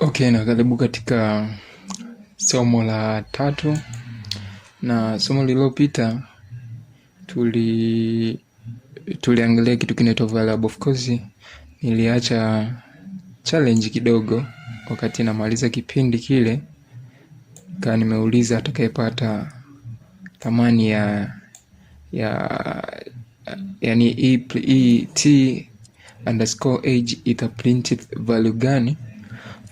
Okay, na karibu katika somo la tatu, na somo lililopita tuli tuliangalia kitu kinaitwa variable. Of course niliacha challenge kidogo wakati namaliza kipindi kile, kaa nimeuliza atakayepata thamani ya ya yani e e t underscore age ita print value gani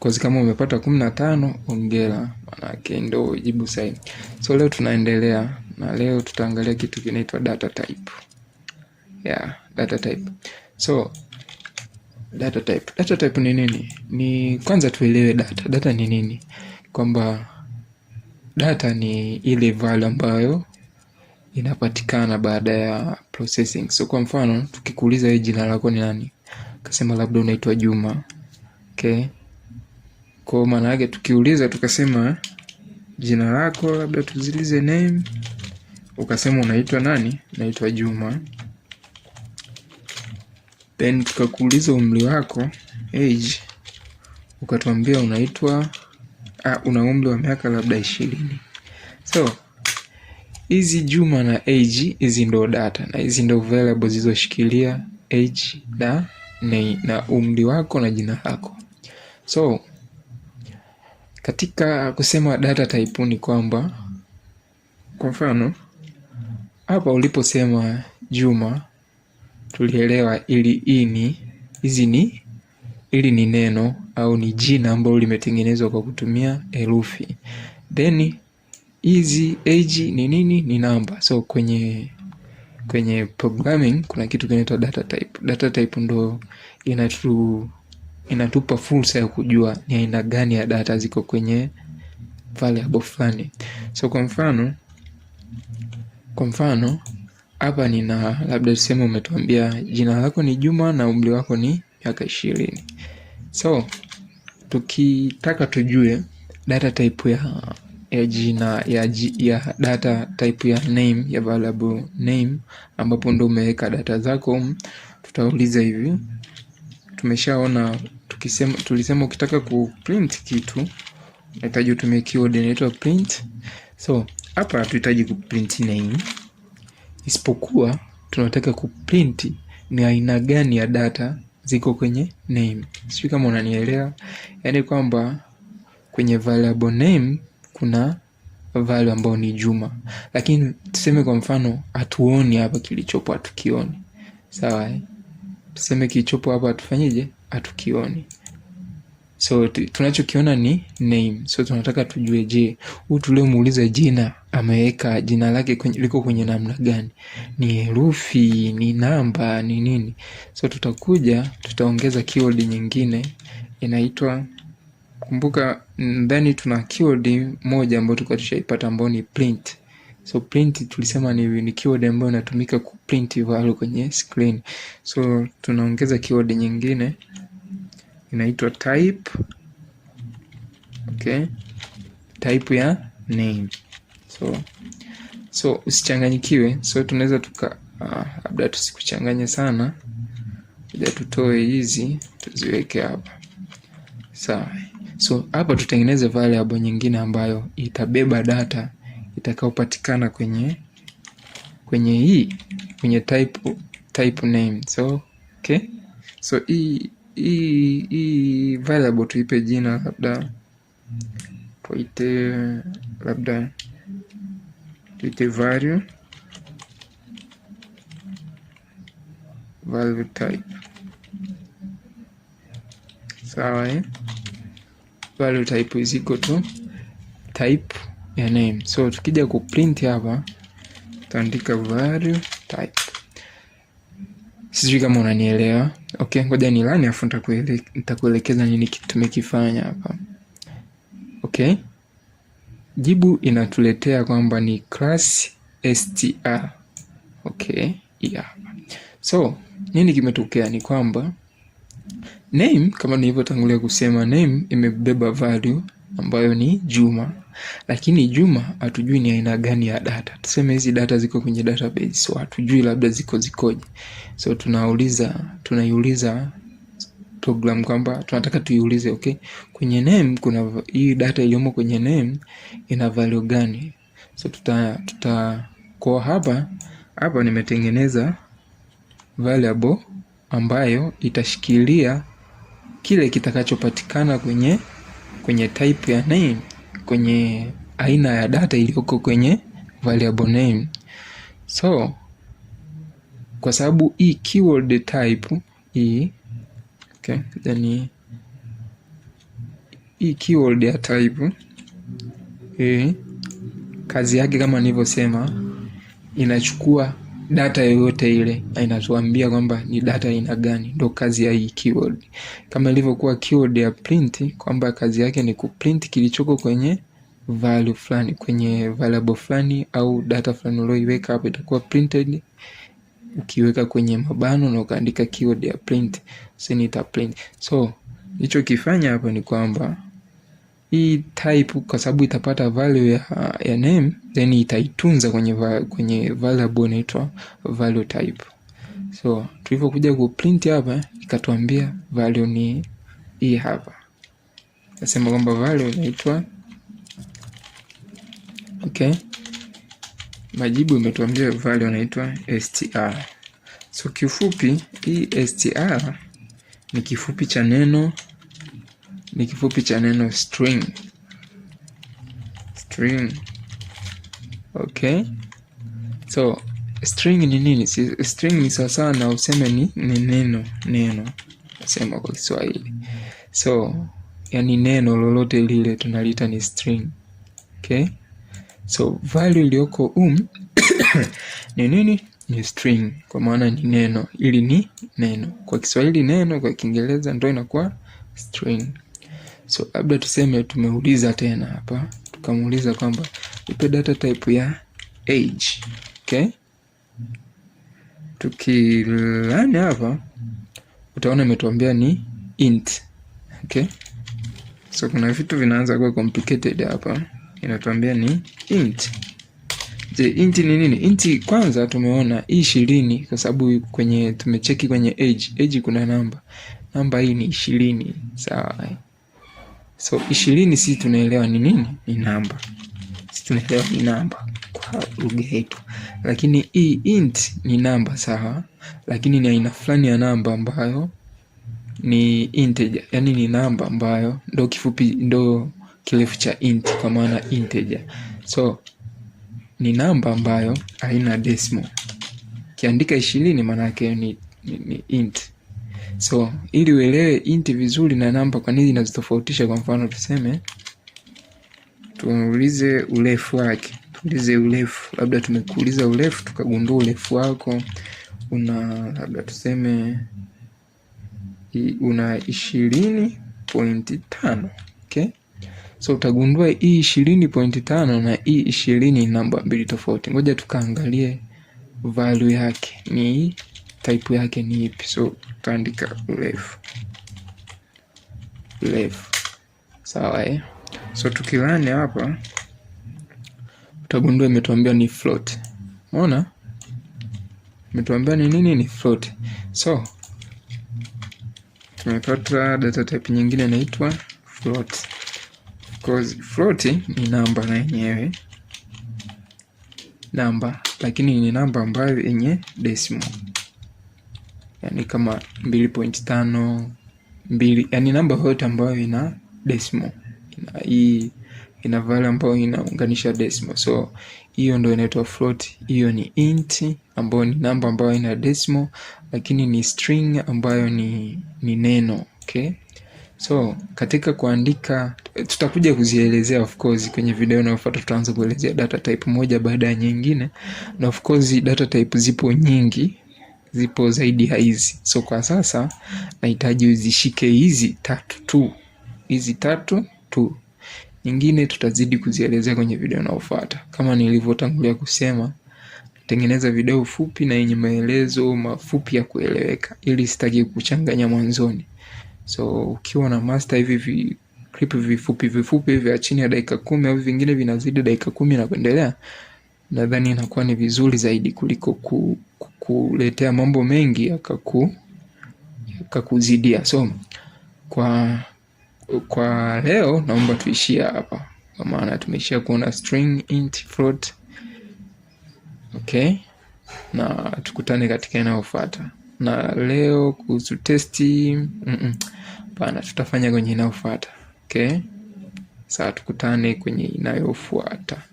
kwa kama umepata kumi na tano ongera, manake ndio jibu sahihi. So leo tunaendelea na leo tutaangalia kitu kinaitwa data type. Yeah, data type. So data type. Data type ni nini? Ni kwanza tuelewe data. Data ni nini? Kwamba data ni ile value ambayo inapatikana baada ya processing. So kwa mfano tukikuuliza, wewe jina lako ni nani? Kasema labda unaitwa Juma. Okay? Kwa maana yake tukiuliza tukasema jina lako, labda tuzilize name, ukasema unaitwa nani? Naitwa Juma. Then tukakuuliza umri wako age, ukatuambia unaitwa ah, una umri wa miaka labda ishirini. So hizi Juma na age hizi ndo data na hizi ndo variables zilizoshikilia age na na umri wako na jina lako so katika kusema data type ni kwamba kwa mfano hapa uliposema Juma tulielewa ili ini hizi ni ili ni neno au ni jina ambalo limetengenezwa kwa kutumia herufi. Then hizi age ni nini? Ni namba. So kwenye kwenye programming kuna kitu kinaitwa data type. Data type ndo inatu inatupa fursa ya kujua ni aina gani ya data ziko kwenye variable fulani. So kwa mfano, kwa mfano hapa nina labda tuseme umetuambia jina lako ni Juma na umri wako ni miaka ishirini. So tukitaka tujue data type ya ya jina ya, ya data type ya name ya variable name ambapo ndo umeweka data zako, tutauliza hivi, tumeshaona tukisema, tulisema ukitaka ku print kitu unahitaji utumie keyword inaitwa print. So hapa hatuhitaji print name, isipokuwa tunataka ku print ni aina gani ya data ziko kwenye name. Sijui kama unanielewa, yaani kwamba kwenye variable name kuna value ambayo ni Juma, lakini tuseme kwa mfano hatuoni hapa kilichopo, hatukioni sawa. Eh? Tuseme kilichopo hapa tufanyeje? hatukioni. So tunachokiona ni name. So tunataka tujue, je, huyu tuliomuuliza jina ameweka jina lake kwenye, liko kwenye namna gani? Ni herufi? Ni namba? Ni nini? So tutakuja tutaongeza keyword nyingine inaitwa, kumbuka ndani tuna keyword moja ambayo tulikuwa tushaipata ambayo ni print. So print tulisema ni, ni keyword ambayo inatumika kuprint value kwenye screen. So tunaongeza keyword nyingine inaitwa type okay, type ya name so so usichanganyikiwe. So tunaweza tuka ah, labda uh, tusikuchanganye sana, ila tutoe hizi tuziweke hapa sawa. So hapa tutengeneze variable nyingine ambayo itabeba data itakayopatikana kwenye kwenye hii kwenye type type name so okay, so hii hii hii variable tuipe jina labda tuite labda tuite value value type sawa eh? value type is equal to type ya name. So tukija kuprint hapa tutaandika value type, sijui kama unanielewa. Okay, ngoja ni lani afu nitakuelekeza nini tumekifanya hapa. Okay, jibu inatuletea kwamba ni class str. Okay, yeah. So nini kimetokea ni kwamba name, kama nilivyotangulia kusema, name imebeba value ambayo ni Juma, lakini Juma hatujui ni aina gani ya data. Tuseme hizi data ziko kwenye database, so hatujui labda ziko zikoje, so tunauliza, tunaiuliza program kwamba tunataka tuiulize, okay, kwenye name kuna hii data iliyomo kwenye name ina value gani? So tuta, tuta kwa hapa hapa nimetengeneza variable ambayo itashikilia kile kitakachopatikana kwenye kwenye type ya name, kwenye aina ya data iliyoko kwenye variable name. So kwa sababu hii keyword type hii, okay, then hii keyword ya type hii kazi yake kama nilivyosema inachukua data yoyote ile inatuambia kwamba ni data aina gani. Ndo kazi ya hii keyword, kama ilivyokuwa keyword ya print kwamba kazi yake ni kuprint kilichoko kwenye value fulani, kwenye variable fulani au data fulani ulioiweka hapo, itakuwa printed ukiweka kwenye mabano na ukaandika keyword ya print, sasa ita print. So hicho kifanya hapa ni kwamba hii type kwa sababu itapata value ya, ya name then itaitunza kwenye, va, kwenye variable inaitwa value type. So tulivyokuja print hapa ikatuambia value ni hii hapa, nasema kwamba value inaitwa okay, majibu imetuambia value inaitwa str. So kifupi hii str ni kifupi cha neno ni kifupi cha neno string. String. Okay. So string ni nini? String ni sawasawa na useme ni, ni neno neno sema kwa Kiswahili. So yani neno lolote lile tunaliita ni string. Okay? So value iliyoko um ni nini? Ni string, kwa maana ni neno. Ili ni neno kwa Kiswahili neno, kwa Kiingereza ndo inakuwa string. So labda tuseme tumeuliza tena hapa, tukamuuliza kwamba ipe data type ya age. Okay, tukilani hapa utaona imetuambia ni int. Okay, so kuna vitu vinaanza kuwa complicated hapa, inatuambia ni int. Je, int ni nini? Int kwanza tumeona hii ishirini kwa sababu kwenye tumecheki kwenye age, age kuna namba, namba hii ni ishirini. Sawa. so, So ishirini sisi tunaelewa ni nini? Ni namba. si tunaelewa ni namba kwa lugha yetu, lakini hii int ni namba sawa, lakini ni aina fulani ya namba ambayo ni integer, yani ni namba ambayo ndo kifupi ndo kirefu cha int, kwa maana integer. So ni namba ambayo haina decimal. Kiandika ishirini maana yake ni, ni, ni int So ili uelewe inti vizuri na namba kwa nini nazitofautisha, kwa mfano tuseme tuulize urefu wake, tuulize urefu, labda tumekuuliza urefu tukagundua urefu wako una labda tuseme una ishirini pointi tano okay? So utagundua hii ishirini pointi tano na hii ishirini namba mbili tofauti. Ngoja tukaangalie value yake ni type yake ni ipi? So tutaandika urefu urefu, sawa eh? So tukirani hapa utagundua imetuambia ni float, umeona imetuambia ni nini? Ni float. So tumepata data type nyingine inaitwa float. Of course float ni namba na yenyewe namba, lakini ni namba ambayo yenye decimal yani kama mbili point tano mbili, yani namba yoyote ambayo ina decimal ina hii e, ina value ambayo inaunganisha decimal. So hiyo ndio inaitwa float. Hiyo ni int ambayo ni namba ambayo ina decimal, lakini ni string ambayo ni, ni neno okay. So katika kuandika tutakuja kuzielezea of course kwenye video inayofuata, tutaanza kuelezea data type moja baada ya nyingine, na of course data type zipo nyingi zipo zaidi ya hizi. So kwa sasa nahitaji uzishike hizi tatu tu, hizi tatu tu, nyingine tutazidi kuzielezea kwenye video inayofuata. Kama nilivyotangulia kusema, natengeneza video fupi na yenye maelezo mafupi ya kueleweka, ili sitaki kuchanganya mwanzoni. So ukiwa na master hivi vi clip vifupi vifupi vya chini ya dakika kumi au vingine vinazidi dakika kumi na kuendelea nadhani inakuwa ni vizuri zaidi kuliko kuletea mambo mengi yakaku yakakuzidia. So kwa kwa leo naomba tuishie hapa, kwa maana tumeishia kuona string, int, float. Okay, na tukutane katika inayofuata. Na leo kuhusu testi hapana, mm -mm. tutafanya kwenye inayofuata. Okay, sasa tukutane kwenye inayofuata.